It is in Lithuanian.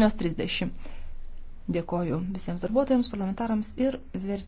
8.30. Dėkoju visiems darbuotojams, parlamentarams ir vertėjams.